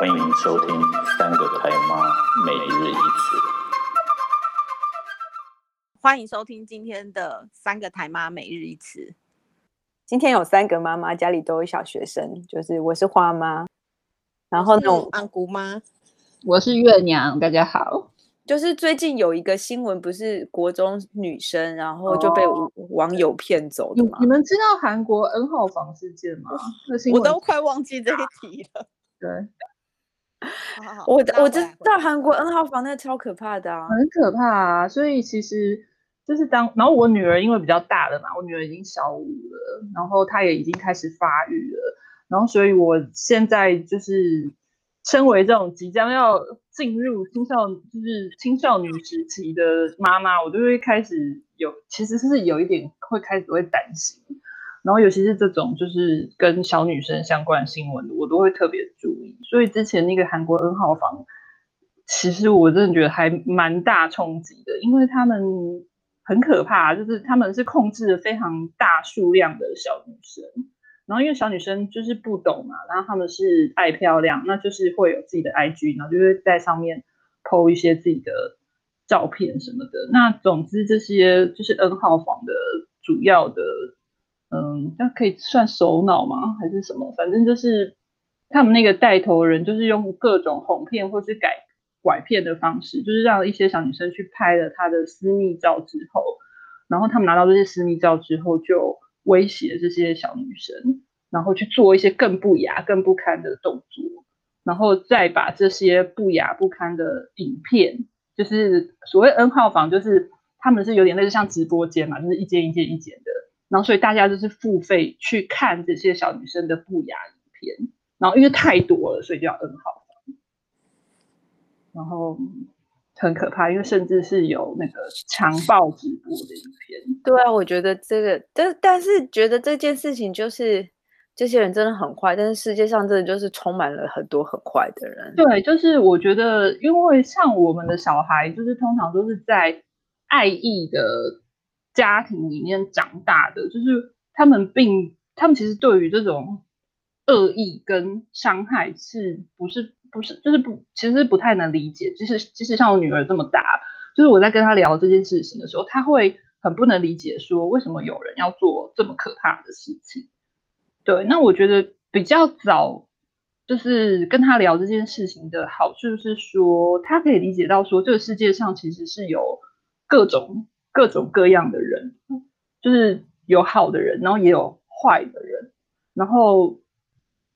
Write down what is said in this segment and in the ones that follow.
歡迎收聽《三個台媽每日一詞》。歡迎收聽今天的《三個台媽每日一詞》。今天有三個媽媽，家裡都有一小學生，就是我是花媽，然後呢，我那種安姑媽，我是月娘。大家好，就是最近有一個新聞，不是國中女生，然後就被網友騙走的嗎？哦，你，你們知道韓國 N 號房事件嗎？我，那新聞，我都快忘記這一題了。啊、對。好好，我回來回來，我知道韓國 N 號房，那超可怕的、啊、很可怕啊。所以其實就是當，然後我女兒因為比較大了嘛，我女兒已經小五了，然後她也已經開始發育了，然後所以我現在就是身為這種即將要進入青少就是青少女時期的媽媽，我就會開始有，其實是有一點會開始會擔心。然後尤其是這種就是跟小女生相關的新聞，我都會特別注意。所以之前那個韓國 N 號房，其實我真的覺得還蠻大衝擊的，因為他們很可怕，就是他們是控制了非常大數量的小女生。然後因為小女生就是不懂嘛，然後他們是愛漂亮，那就是會有自己的 IG，然後就會在上面 PO 一些自己的照片什麼的。那總之這些就是 N 號房的主要的。嗯，那可以算首腦嗎？還是什麼？反正就是他們那個帶頭人，就是用各種哄騙或是改拐拐騙的方式，就是讓一些小女生去拍了她的私密照之後，然後他們拿到這些私密照之後，就威脅這些小女生，然後去做一些更不雅、更不堪的動作，然後再把這些不雅不堪的影片，就是所謂 N 號房，就是他們是有點類似像直播間嘛，就是一間一間一間。然後，所以大家就是付費去看這些小女生的不雅影片，然後因為太多了，所以就要 N 號。然後很可怕，因為甚至是有那個強暴直播的影片。對啊，我覺得這個，但但是覺得這件事情就是這些人真的很壞，但是世界上真的就是充滿了很多很壞的人。對，就是我覺得，因為像我們的小孩，就是通常都是在愛意的。家庭裡面長大的，就是他們並他們其實對於這種惡意跟傷害是不是不是就是不其實不太能理解。其實其實像我女兒這麼大，就是我在跟她聊這件事情的時候，她會很不能理解，說為什麼有人要做這麼可怕的事情。對，那我覺得比較早就是跟她聊這件事情的好處是說，她可以理解到說這個世界上其實是有各種，各種各樣的人，就是有好的人，然後也有壞的人，然後，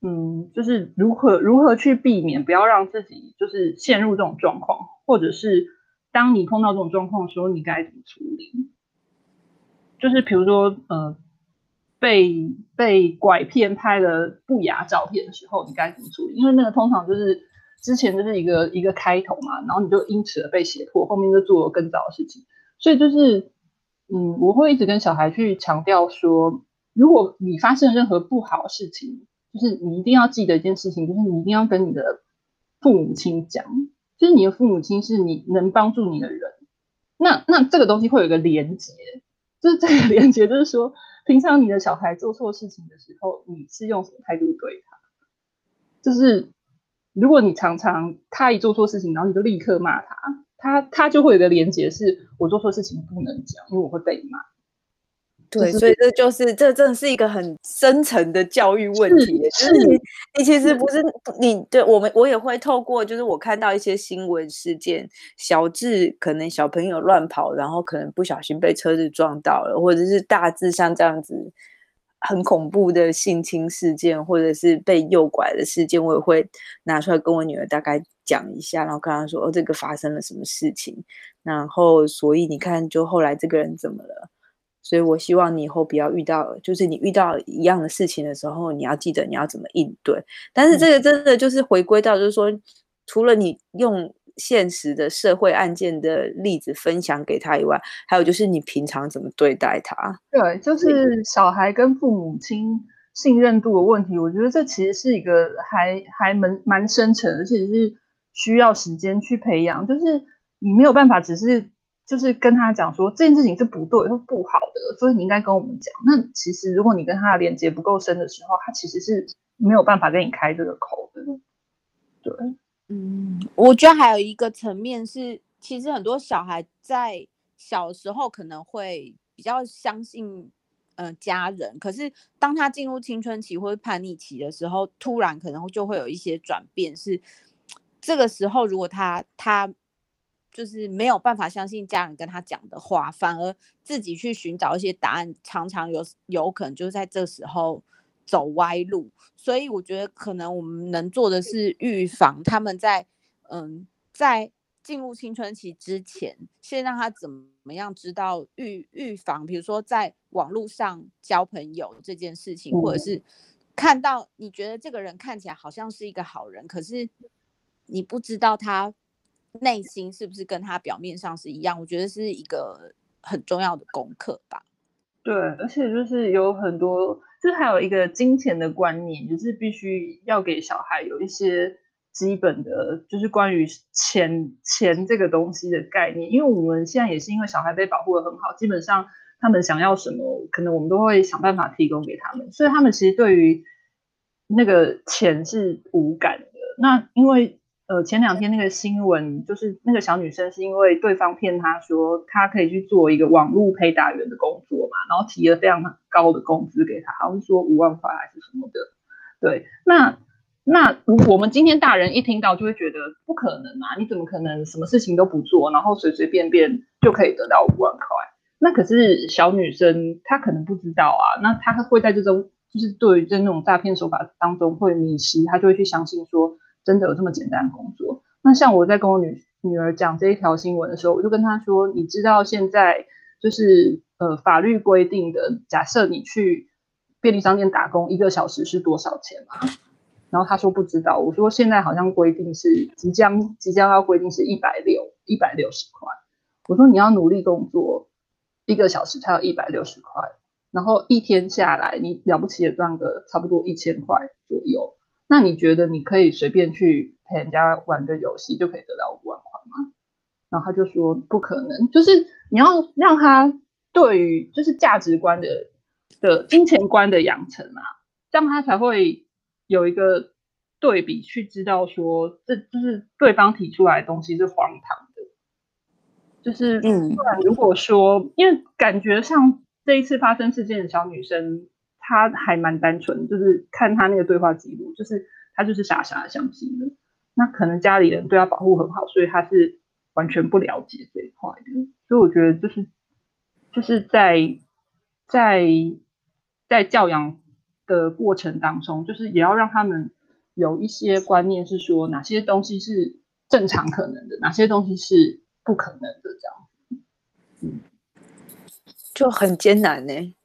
嗯，就是如何如何去避免，不要讓自己就是陷入這種狀況，或者是當你碰到這種狀況的時候，你該怎麼處理？就是比如說，呃，被被拐騙拍了不雅照片的時候，你該怎麼處理？因為那個通常就是之前就是一個一個開頭嘛，然後你就因此而被脅迫，後面就做了更糟的事情。所以就是，嗯，我會一直跟小孩去強調說，如果你發生任何不好的事情，就是你一定要記得一件事情，就是你一定要跟你的父母親講，就是你的父母親是你能幫助你的人。那那這個東西會有一個連結，就是這個連結就是說，平常你的小孩做錯事情的時候，你是用什麼態度對他？就是如果你常常他一做錯事情，然後你就立刻罵他。他他就會有個連結是我做錯事情不能講，因為我會被罵。對，所以這就是這真的是一個很深層的教育問題。就是你以是你其實不是你，對我們我也會透過，就是我看到一些新聞事件，小智可能小朋友亂跑，然後可能不小心被車子撞到了，或者是大致像這樣子。很恐怖的性侵事件，或者是被誘拐的事件，我也會拿出來跟我女兒大概講一下，然後跟她說：“哦，這個發生了什麼事情，然後所以你看，就後來這個人怎麼了。”所以，我希望你以後不要遇到，就是你遇到一樣的事情的時候，你要記得你要怎麼應對。但是，這個真的就是回歸到，就是說，除了你用。現實的社會案件的例子分享給他以外，還有就是你平常怎麼對待他？對，就是小孩跟父母親信任度的問題。我覺得這其實是一個還還蠻蠻深層，而且是需要時間去培養。就是你沒有辦法，只是就是跟他講說這件事情是不對或不好的，所以你應該跟我們講。那其實如果你跟他的連接不夠深的時候，他其實是沒有辦法跟你開這個口的。對。嗯，我覺得還有一個層面是，其實很多小孩在小時候可能會比較相信，呃，家人。可是當他進入青春期或者叛逆期的時候，突然可能就會有一些轉變是。是這個時候，如果他他就是沒有辦法相信家人跟他講的話，反而自己去尋找一些答案，常常有有可能就是在這時候。走歪路，所以我覺得可能我們能做的是預防他們在嗯在進入青春期之前，先讓他怎麼樣知道預預防，比如說在網絡上交朋友這件事情，或者是看到你覺得這個人看起來好像是一個好人，可是你不知道他內心是不是跟他表面上是一樣，我覺得是一個很重要的功課吧。對，而且就是有很多。就還有一個金錢的觀念，就是必須要給小孩有一些基本的，就是關於錢錢這個東西的概念。因為我們現在也是因為小孩被保護的很好，基本上他們想要什麼，可能我們都會想辦法提供給他們，所以他們其實對於那個錢是無感的。那因為。呃，前兩天那個新聞，就是那個小女生是因為對方騙她說，她可以去做一個網絡陪打員的工作嘛，然後提了非常高的工資給她，好像說五萬塊還是什麼的。對，那那我們今天大人一聽到就會覺得不可能啊，你怎麼可能什麼事情都不做，然後隨隨便便就可以得到五萬塊？那可是小女生她可能不知道啊，那她會在這種就是對於這種詐騙手法當中會迷失，她就會去相信說。真的有這麼簡單的工作？那像我在跟我女女兒講這一條新聞的時候，我就跟她說：“你知道現在就是呃法律規定的，假設你去便利商店打工，一個小時是多少錢嗎？”然後她說不知道。我說：“現在好像規定是即將即將要規定是一百六一百六十塊。”我說：“你要努力工作，一個小時才有一百六十塊，然後一天下來，你了不起也賺個差不多一千塊左右。”那你覺得你可以隨便去陪人家玩個遊戲就可以得到五萬塊嗎？然後他就說不可能，就是你要讓他對於就是價值觀的的金錢觀的養成啊，這樣他才會有一個對比去知道說，這就是對方提出來的東西是荒唐的，就是嗯，不然如果說因為感覺像這一次發生事件的小女生。他還蠻單純，就是看他那個對話記錄，就是他就是傻傻的相信的。那可能家裡人對他保護很好，所以他是完全不了解這一塊的。所以我覺得就是就是在在在教養的過程當中，就是也要讓他們有一些觀念，是說哪些東西是正常可能的，哪些東西是不可能的，這樣。嗯，就很艱難呢、欸。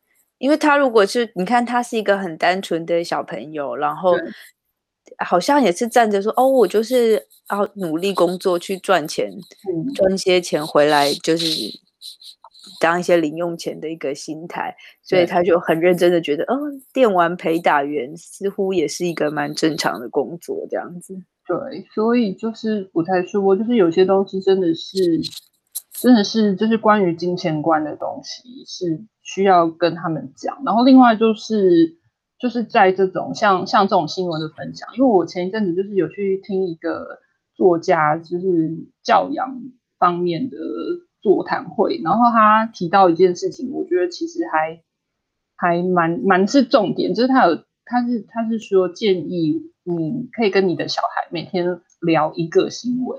因為他如果是你看，他是一個很單純的小朋友，然後好像也是站着說對哦，我就是要努力工作去賺錢，對賺一些錢回來，就是當一些零用錢的一個心態，對所以他就很認真的覺得，哦，電玩陪打員似乎也是一個蠻正常的工作，這樣子。對，所以就是我才說，就是有些東西真的是。真的是，就是關於金錢觀的東西是需要跟他們講。然後另外就是，就是在這種像像這種新聞的分享，因為我前一陣子就是有去聽一個作家，就是教養方面的座談會，然後他提到一件事情，我覺得其實還還蠻蠻是重點，就是他有他是他是說建議，你可以跟你的小孩每天聊一個新聞，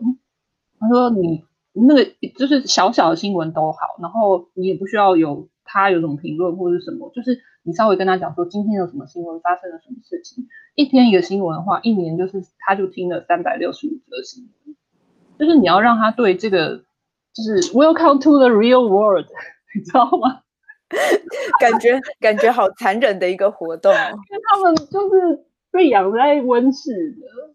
他說你。那個就是小小的新聞都好，然後你也不需要有他有什麼評論或者是什麼，就是你稍微跟他講說今天有什麼新聞發生了什麼事情，一天一個新聞的話，一年就是他就聽了三百六十五則新聞，就是你要讓他對這個就是 Welcome to the real world，你知道嗎？感覺 感覺好殘忍的一個活動，因為他們就是被養在溫室的。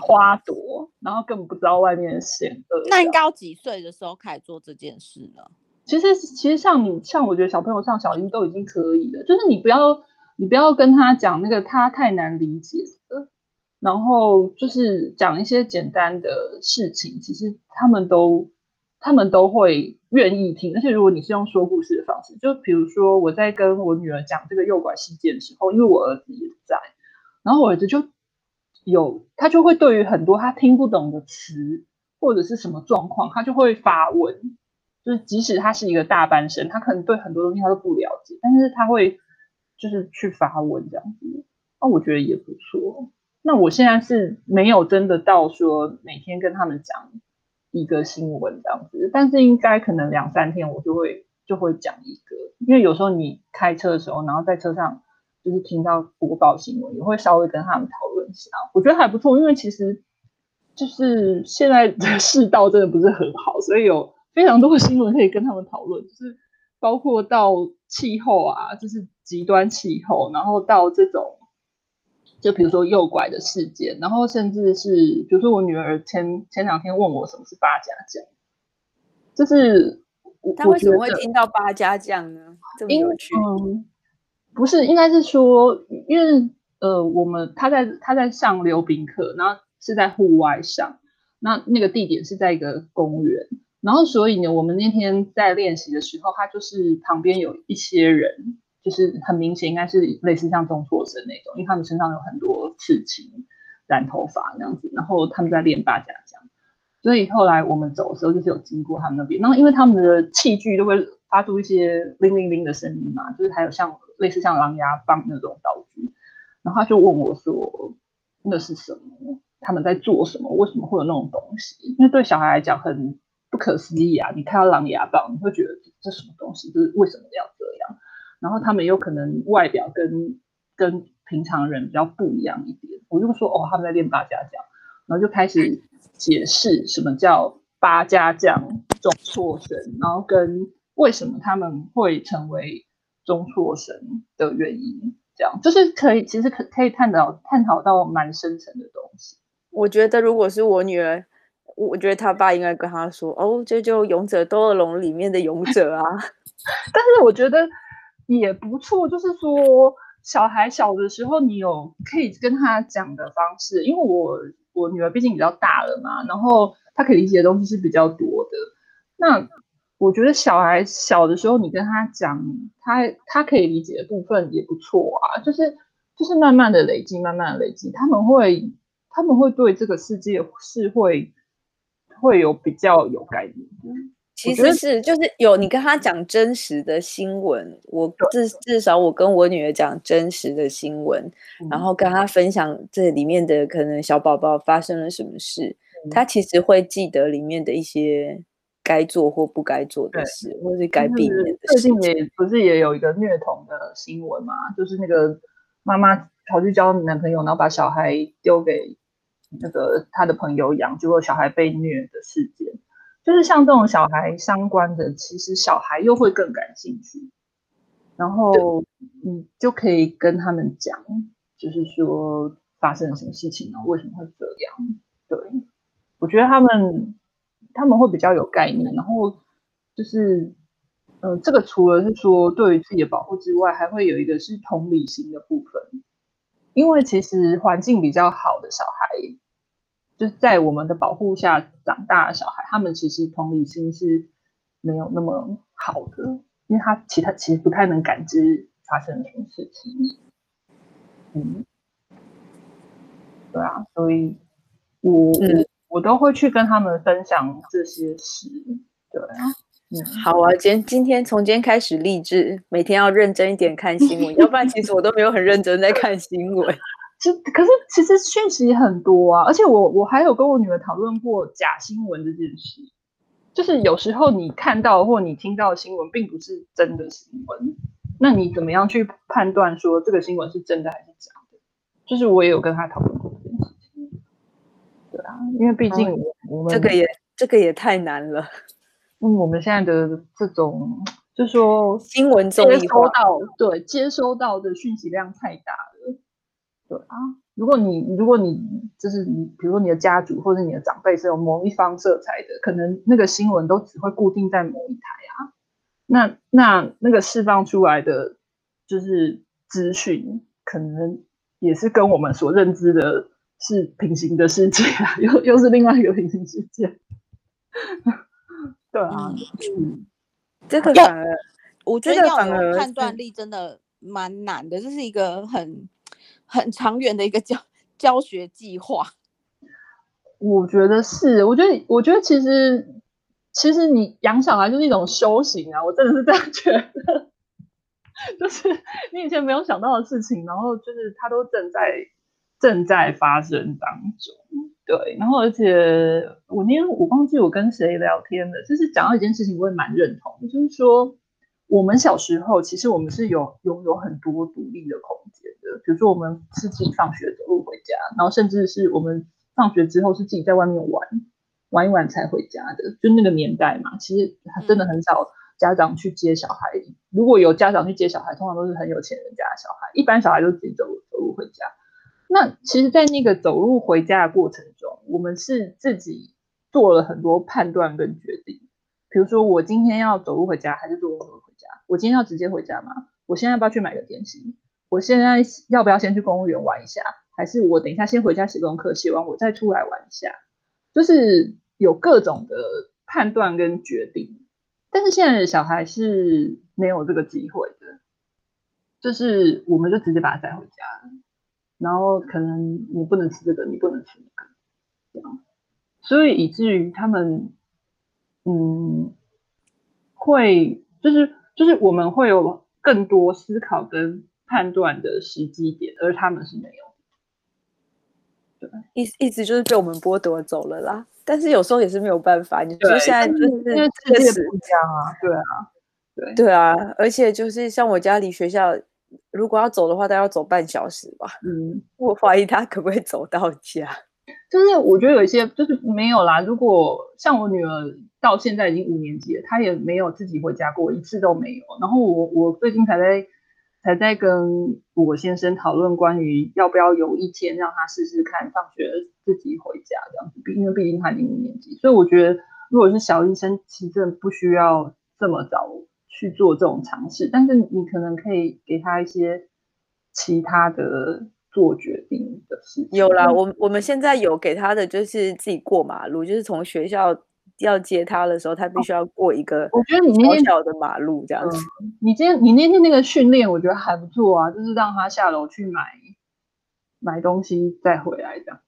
花朵，然後根本不知道外面的險惡。那應該要幾歲的時候開始做這件事呢？其實，其實像你，像我覺得小朋友像小英都已經可以了。就是你不要，你不要跟他講那個他太難理解的，然後就是講一些簡單的事情，其實他們都，他們都會願意聽。而且如果你是用說故事的方式，就比如說我在跟我女兒講這個誘拐事件的時候，因為我兒子也在，然後我兒子就。有他就會對於很多他聽不懂的詞或者是什麼狀況，他就會發問。就是即使他是一個大班生，他可能對很多東西他都不了解，但是他會就是去發問這樣子。那、啊、我覺得也不錯。那我現在是沒有真的到說每天跟他們講一個新聞這樣子，但是應該可能兩三天我就會就會講一個，因為有時候你開車的時候，然後在車上就是聽到播報新聞，也會稍微跟他們討論。我覺得還不錯，因為其實就是現在的世道真的不是很好，所以有非常多的新聞可以跟他們討論，就是包括到氣候啊，就是極端氣候，然後到這種，就比如說誘拐的事件，然後甚至是比如說我女兒前前兩天問我什麼是八家將，就是我，她為什麼會聽到八家將呢？因為嗯，不是，應該是說因為。呃，我們他在他在上溜冰課，然後是在戶外上，那那個地點是在一個公園。然後所以呢，我們那天在練習的時候，他就是旁邊有一些人，就是很明顯應該是類似像動作生那種，因為他們身上有很多刺青、染頭髮那樣子。然後他們在練八甲江。所以後來我們走的時候，就是有經過他們那邊。然後因為他們的器具都會發出一些鈴鈴鈴的聲音嘛，就是還有像類似像狼牙棒那種道具。然後他就問我說：“那是什麼？他們在做什麼？為什麼會有那種東西？因為對小孩來講很不可思議啊！你看到狼牙棒，你會覺得這什麼東西？這是為什麼要這樣？然後他們有可能外表跟跟平常人比較不一樣一點。我就說哦，他們在練八家將，然後就開始解釋什麼叫八家將、中錯神，然後跟為什麼他們會成為中錯神的原因。”就是可以，其實可可以探討探討到蠻深層的東西。我覺得如果是我女兒，我覺得她爸應該跟她說，哦，這就勇者鬥惡龍裡面的勇者啊。 但是我覺得也不錯，就是說小孩小的時候，你有可以跟她講的方式。因為我我女兒畢竟比較大了嘛，然後她可以理解的東西是比較多的。那我覺得小孩小的時候，你跟他講他他可以理解的部分也不錯啊，就是就是慢慢的累積，慢慢的累積，他們會他們會對這個世界是會會有比較有概念的。其實是就是有你跟他講真實的新聞，我至，對對，至少我跟我女兒講真實的新聞，嗯、然後跟他分享這裡面的可能小寶寶發生了什麼事，嗯、他其實會記得裡面的一些。該做或不該做的事，對或是該避免的事情，是最近也不是也有一個虐童的新聞嘛？就是那個媽媽跑去交男朋友，然後把小孩丟給那個他的朋友養，結、就、果、是、小孩被虐的事件，就是像這種小孩相關的，其實小孩又會更感興趣。然後，你就可以跟他們講，就是說發生了什麼事情，然後為什麼會這樣？對，我覺得他們。他們會比較有概念，然後就是，嗯、呃，這個除了是說對於自己的保護之外，還會有一個是同理心的部分。因為其實環境比較好的小孩，就是在我們的保護下長大的小孩，他們其實同理心是沒有那麼好的，因為他其他其實不太能感知發生什麼事情。嗯，對啊，所以我，嗯。我都會去跟他們分享這些事。對，嗯，好啊，今今天從今天開始立志，每天要認真一點看新聞， 要不然其實我都沒有很認真在看新聞。 可是其實訊息很多啊，而且我我還有跟我女兒討論過假新聞這件事，就是有時候你看到或你聽到的新聞並不是真的新聞，那你怎麼樣去判斷說這個新聞是真的還是假的？就是我也有跟她討論過。因為畢竟我們這個也這個也太難了。嗯，我們現在的這種，就說新聞中接收到，對，接收到的訊息量太大了。對啊，如果你如果你就是你，比如說你的家族或者你的長輩是有某一方色彩的，可能那個新聞都只會固定在某一台啊。那那那個釋放出來的就是資訊，可能也是跟我們所認知的。是平行的世界啊，又又是另外一個平行世界。 對啊，嗯，嗯這個我覺得要有判斷力真的蠻難的，這是，這是一個很很長遠的一個教教學計劃。我覺得是，我覺得我覺得其實其實你養小孩就是一種修行啊，我真的是這樣覺得。就是你以前沒有想到的事情，然後就是他都正在正在發生當中，對，然後而且我那天我忘記我跟誰聊天了，就是講到一件事情，我也蠻認同，就是說我們小時候其實我們是有擁有很多獨立的空間的，比如說我們是自己放學走路回家，然後甚至是我們放學之後是自己在外面玩，玩一玩才回家的，就那個年代嘛，其實真的很少家長去接小孩，如果有家長去接小孩，通常都是很有錢人家的小孩，一般小孩都自己走路回家。那其實，在那個走路回家的過程中，我們是自己做了很多判斷跟決定。比如說，我今天要走路回家還是坐公車回家？我今天要直接回家嗎？我現在要不要去買個點心？我現在要不要先去公園玩一下？還是我等一下先回家寫功課，寫完我再出來玩一下？就是有各種的判斷跟決定。但是現在的小孩是沒有這個機會的，就是我們就直接把他帶回家。然後可能你不能吃這個，你不能吃那個，所以以至於他們，嗯，會就是就是我們會有更多思考跟判斷的時機點，而他們是沒有，對，一一直就是被我們剝奪走了啦。但是有時候也是沒有辦法，對你說現在就是確實不一樣啊，對啊，對對啊，而且就是像我家離學校。如果要走的話，大概要走半小時吧。嗯，我懷疑他可不可以走到家？ 就是我覺得有一些就是沒有啦。如果像我女兒到現在已經五年級了，她也沒有自己回家過一次都沒有。然後我我最近才在才在跟我先生討論關於要不要有一天讓他試試看放學自己回家這樣子，畢因為畢竟他已經五年級。所以我覺得如果是小學生，其實不需要這麼早。去做這種嘗試，但是你可能可以給他一些其他的做決定的事。有啦，我我們現在有給他的就是自己過馬路，就是從學校要接他的時候，他必須要過一個我覺得你那天小的馬路這樣子。哦你，嗯、你今天你那天那個訓練，我覺得還不錯啊，就是讓他下樓去買買東西再回來這樣。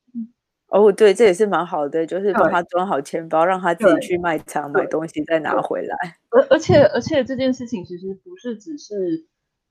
哦，oh, 對，這也是蠻好的，就是幫他裝好錢包，對讓他自己去賣場買東西，再拿回來。而而且而且這件事情其實不是只是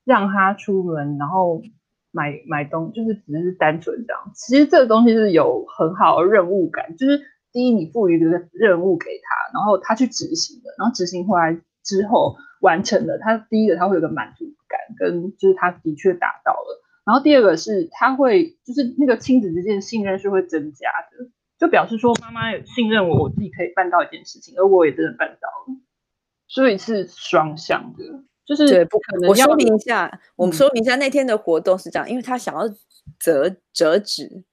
讓他出門，然後買買東西，就是只是單純這樣。其實這個東西是有很好的任務感，就是第一你賦予一個的任務給他，然後他去執行的，然後執行回來之後完成了，他第一個他會有個滿足感，跟就是他的確達到了。然後第二個是他會，就是那個親子之間信任是會增加的，就表示說媽媽信任我，我自己可以辦到一件事情，而我也真的辦到了，所以是雙向的。就是對，不可能。我說明一下，嗯、我們說明一下那天的活動是這樣，因為他想要折折紙，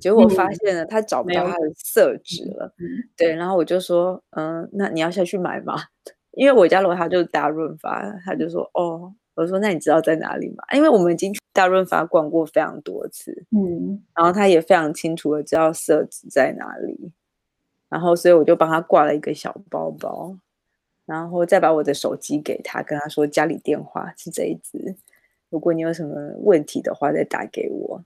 結果我發現了他找不到他的色紙了。嗯、對，然後我就說，嗯，那你要下去買嗎？因為我家樓下就是大潤發，他就說，哦。我說：“那你知道在哪裡嗎？因為我們已經去大潤發逛過非常多次，嗯，然後他也非常清楚的知道色紙在哪裡，然後所以我就幫他掛了一個小包包，然後再把我的手機給他，跟他說家裡電話是這一支，如果你有什麼問題的話，再打給我。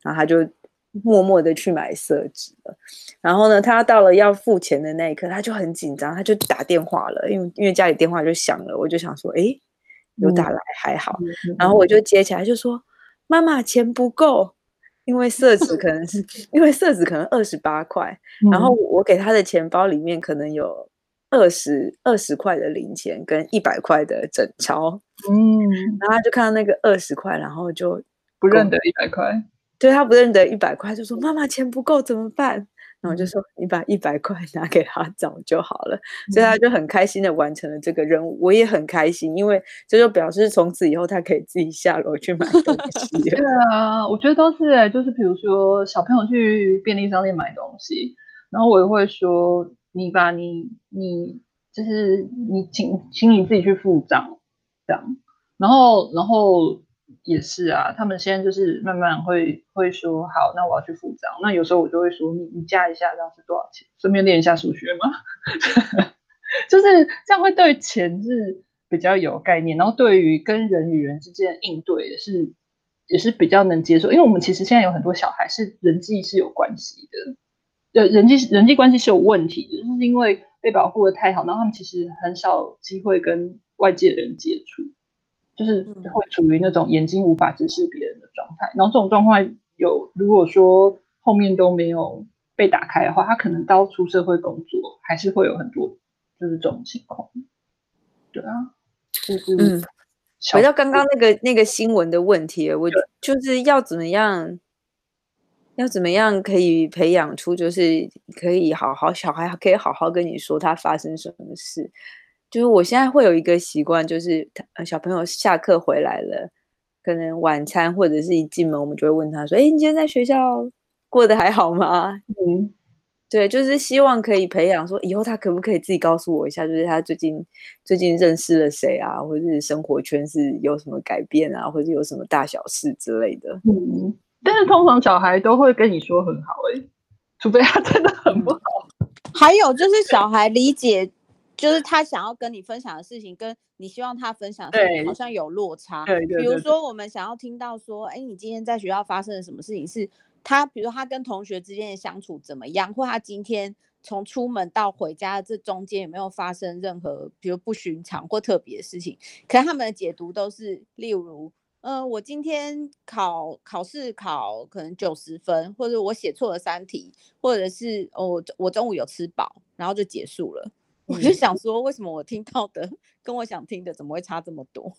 然後他就默默的去買色紙了。然後呢，他到了要付錢的那一刻，他就很緊張，他就打電話了，因為因為家裡電話就響了，我就想說，誒。有打來還好，嗯、然後我就接起來就說：“嗯嗯、媽媽，錢不夠，因為色紙可能是 因為色紙可能二十八塊，嗯、然後我給他的錢包裡面可能有二十二十塊的零錢跟一百塊的整鈔。”嗯，然後他就看到那個二十塊，然後就不認得一百塊，對他不認得一百塊，就說：“媽媽，錢不夠，怎麼辦？”然後我就說，你把一百塊拿給他找就好了，所以他就很開心的完成了這個任務。嗯、我也很開心，因為這就，就表示從此以後他可以自己下樓去買東西 就對啊，我覺得都是哎、欸，就是比如說小朋友去便利商店買東西，然後我也會說，你把你你就是你請請你自己去付賬這樣，然後然後。也是啊，他們現在就是慢慢會會說，好，那我要去付賬。那有時候我就會說，你你加一下，這樣是多少錢？順便練一下數學嗎？ 就是這樣會對錢是比較有概念，然後對於跟人與人之間應對也是也是比較能接受。因為我們其實現在有很多小孩是人際是有關係的，呃，人際人際關係是有問題的，就是因為被保護得太好，然後他們其實很少有機會跟外界人接觸。就是會處於那種眼睛無法直視別人的狀態，嗯、然後這種狀態有，如果說後面都沒有被打開的話，他可能到出社會工作，還是會有很多就是這種情況。對啊，就是、嗯、回到剛剛那個那個新聞的問題，我就是要怎麼樣，對要怎麼樣可以培養出就是可以好好小孩可以好好跟你說他發生什麼事。就是我現在會有一個習慣，就是小朋友下課回來了，可能晚餐或者是一進門，我們就會問他說：“哎，你今天在學校過得還好嗎？”嗯，對，就是希望可以培養說以後他可不可以自己告訴我一下，就是他最近最近認識了誰啊，或者是生活圈是有什麼改變啊，或者是有什麼大小事之類的。嗯，但是通常小孩都會跟你說很好欸，除非他真的很不好。嗯，還有就是小孩理解。 就是他想要跟你分享的事情，跟你希望他分享的事情好像有落差。對，對對對對。比如說，我們想要聽到說，哎，你今天在學校發生了什麼事情？是他，比如他跟同學之間的相處怎麼樣，或他今天從出門到回家這中間有沒有發生任何比如不尋常或特別的事情？可能他們的解讀都是，例如，嗯、呃，我今天考考試考可能九十分，或者我寫錯了三題，或者是哦，我中午有吃飽，然後就結束了。我就想說，為什麼我聽到的跟我想聽的怎麼會差這麼多？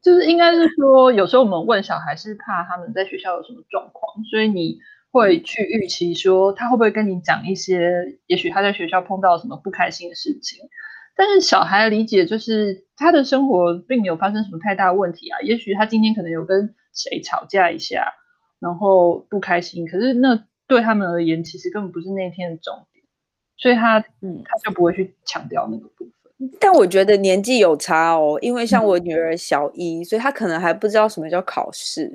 就是應該是說，有時候我們問小孩，是怕他們在學校有什麼狀況，所以你會去預期說，他會不會跟你講一些，也許他在學校碰到什麼不開心的事情。但是小孩理解就是，他的生活並沒有發生什麼太大問題啊。也許他今天可能有跟誰吵架一下，然後不開心，可是那對他們而言，其實根本不是那一天的重所以他，嗯，他就不會去強調那個部分，嗯。但我覺得年紀有差哦，因為像我女兒小一、嗯，所以她可能還不知道什麼叫考試，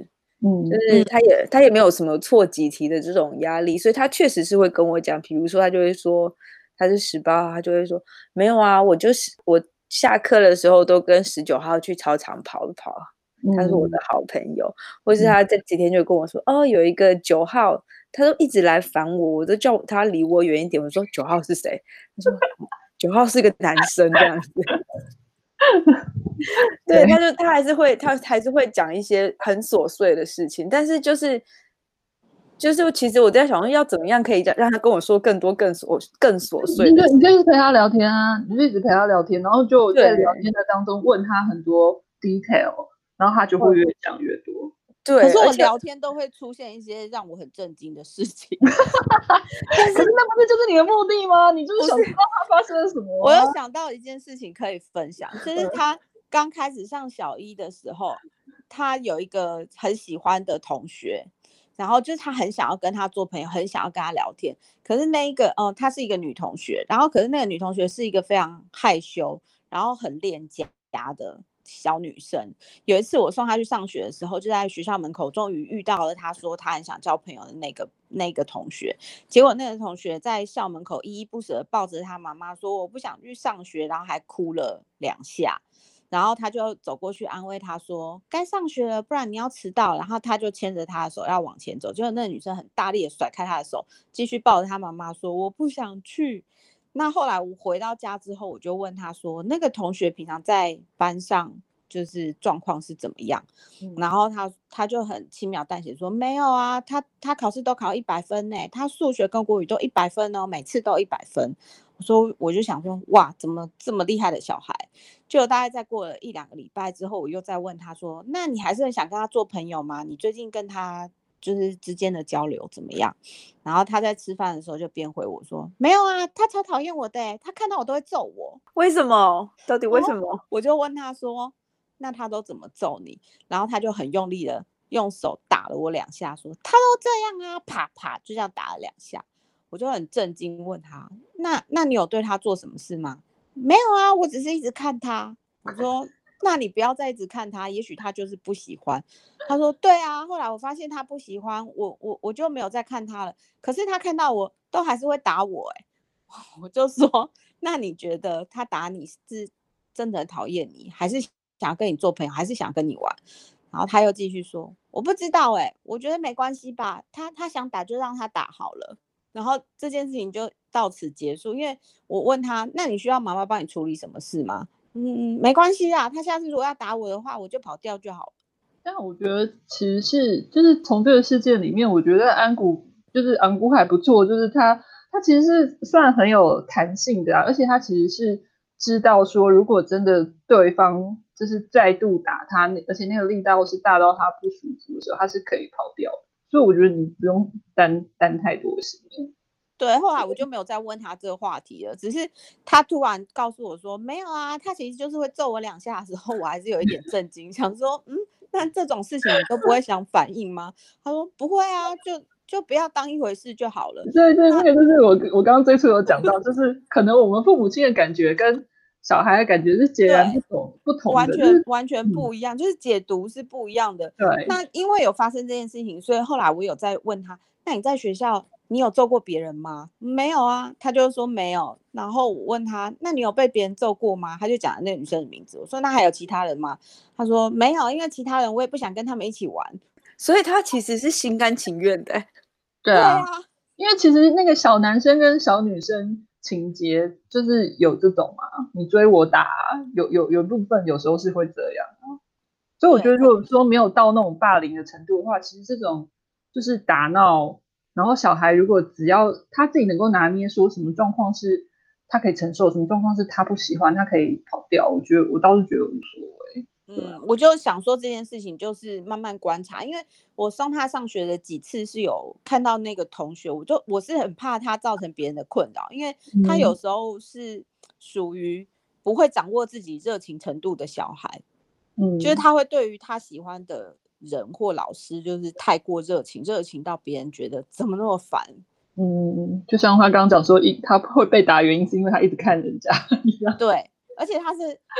嗯，就是她也、嗯、她也沒有什麼錯幾題的這種壓力，所以她確實是會跟我講，比如說她就會說她是十八號，她就會說，沒有啊，我就是我下課的時候都跟十九號去操場跑一跑，他是我的好朋友，嗯，或是他這幾天就跟我說，嗯、哦，有一個九號。他都一直來煩我，我都叫他離我遠一點。我說九號是誰？他說九 號是個男生這樣子。 對，他就他還是會他，他還是會講一些很瑣碎的事情。但是就是就是，其實我在想，要怎麼樣可以講，讓他跟我說更多、更瑣、更瑣碎？你就你就一直陪他聊天啊，你就一直陪他聊天，然後就在聊天的當中問他很多 detail，對然後他就會越講越多。對，可是我聊天都會出現一些讓我很震驚的事情。可是那不是就是你的目的嗎？你就是想知道他發生了什麼。我有想到一件事情可以分享，就是他剛開始上小一的時候， 他有一個很喜歡的同學，然後就是他很想要跟他做朋友，很想要跟他聊天。可是那一個，嗯、呃，他是一個女同學，然後可是那個女同學是一個非常害羞，然後很戀家的。小女生有一次，我送她去上學的時候，就在學校門口，終於遇到了她說她很想交朋友的那個那個同學。結果那個同學在校門口依依不捨地抱着她媽媽說：“我不想去上學。”然後還哭了兩下。然後她就走過去安慰她說：“該上學了，不然你要遲到。”然後她就牽着她的手要往前走，結果那個女生很大力的甩開她的手，繼續抱着她媽媽說：“我不想去。”那後來我回到家之後，我就問他說：“那個同學平常在班上就是狀況是怎麼樣？”嗯、然後他他就很輕描淡寫說：“沒有啊，他他考試都考一百分呢，他數學跟國語都一百分哦，每次都一百分。”我說：“我就想說，哇，怎麼這麼厲害的小孩？”就大概再過了一兩個禮拜之後，我又再問他說：“那你還是很想跟他做朋友嗎？你最近跟他？”就是之間的交流怎麼樣？然後他在吃飯的時候就邊回我說，沒有啊，他超討厭我的欸，他看到我都會揍我。為什麼？到底為什麼？我就問他說，那他都怎麼揍你？然後他就很用力的用手打了我兩下，說他都這樣啊，啪啪，就這樣打了兩下。我就很震驚問他，那那你有對他做什麼事嗎？沒有啊，我只是一直看他。我說。 那你不要再一直看他，也許他就是不喜歡。他說對啊，後來我發現他不喜歡我，我我就沒有再看他了。可是他看到我都還是會打我。欸，哎，我就說，那你覺得他打你是真的討厭你，還是想跟你做朋友，還是想跟你玩？然後他又繼續說，我不知道。欸，哎，我覺得沒關係吧，他他想打就讓他打好了。然後這件事情就到此結束，因為我問他，那你需要媽媽幫你處理什麼事嗎？嗯，沒關係啦。他下次如果要打我的話，我就跑掉就好。但我覺得其實是，就是從這個事件裡面，我覺得安古就是安古還不錯，就是他他其實是算很有彈性的啊，而且他其實是知道說，如果真的對方就是再度打他，而且那個力道是大到他不舒服的時候，他是可以跑掉。所以我覺得你不用擔擔太多的時間。對，後來我就沒有再問他這個話題了。只是他突然告訴我說：“沒有啊，他其實就是會揍我兩下。”的時候，我還是有一點震驚， 想說：“嗯，那這種事情你都不會想反應嗎？” 他說：“不會啊，就就不要當一回事就好了。”對，對對，那就是我我剛剛最初有講到，就是可能我們父母親的感覺跟小孩的感覺是截然不同 對不同完全、就是、完全不一樣，嗯、就是解讀是不一樣的。對。那因為有發生這件事情，所以後來我有在問他：“那你在學校？”你有揍過別人嗎？沒有啊，他就說沒有。然後我問他，那你有被別人揍過嗎？他就講了那女生的名字。我說那還有其他人嗎？他說沒有，因為其他人我也不想跟他們一起玩，所以他其實是心甘情願的。對啊，對啊，因為其實那個小男生跟小女生情節就是有這種嘛，你追我打，有有有部分有時候是會這樣。對所以我覺得，如果說沒有到那種霸凌的程度的話，其實這種就是打鬧。然後小孩如果只要他自己能夠拿捏，說什麼狀況是他可以承受，什麼狀況是他不喜歡，他可以跑掉。我覺得，我倒是覺得無所謂。嗯，我就想說這件事情就是慢慢觀察，因為我送他上學的幾次是有看到那個同學，我就，我是很怕他造成別人的困擾，因為他有時候是屬於不會掌握自己熱情程度的小孩，嗯，就是他會對於他喜歡的。人或老師就是太過熱情，熱情到別人覺得怎麼那麼煩。嗯，就像他剛剛講說，一他會被打原因是因為他一直看人家。對， 而且他是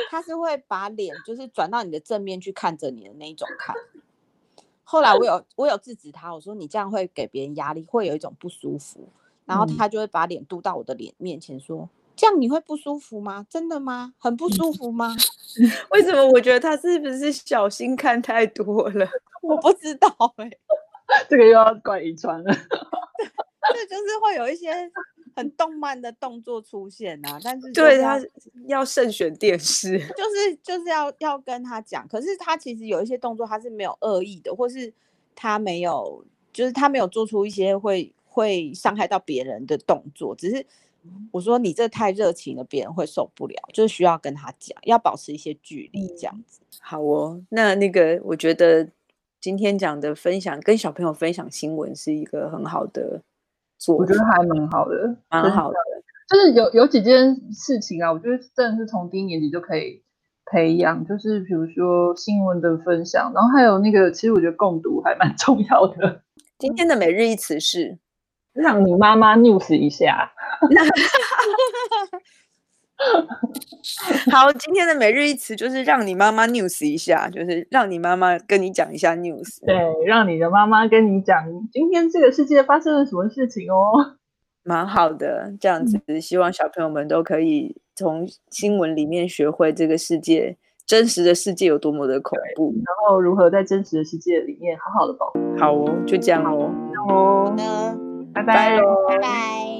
他是會把臉就是轉到你的正面去看着你的那一種看。後來我有我有制止他，我說你這樣會給別人壓力，會有一種不舒服。然後他就會把臉嘟到我的臉面前說。嗯這樣你會不舒服嗎？真的嗎？很不舒服嗎？ 為什麼？我覺得他是不是小心看太多了？ 我不知道哎、欸，這個又要怪遺傳了。對 就是會有一些很動漫的動作出現啊，但是，是對他要慎選電視，就是就是要要跟他講，可是他其實有一些動作他是沒有惡意的，或是他沒有，就是他沒有做出一些會會傷害到別人的動作，只是。我說你這太熱情了，別人會受不了，就需要跟他講，要保持一些距離，這樣子。好哦，那那個，我覺得今天講的分享，跟小朋友分享新聞是一個很好的做法。我覺得還蠻好的，蠻好的，很好的。就是有有幾件事情啊，我覺得真的是從低年級就可以培養，就是比如說新聞的分享，然後還有那個，其實我覺得共讀還蠻重要的。今天的每日一詞是，讓你媽媽 news 一下。 好，今天的每日一詞就是讓你媽媽 news 一下，就是讓你媽媽跟你講一下 news。對，讓你的媽媽跟你講今天這個世界發生了什麼事情哦。蠻好的，這樣子，希望小朋友們都可以從新聞裡面學會這個世界，真實的世界有多麼的恐怖，然後如何在真實的世界裡面好好的保護。好哦，就這樣嘍，哦，拜拜嘍，拜拜。Bye bye bye bye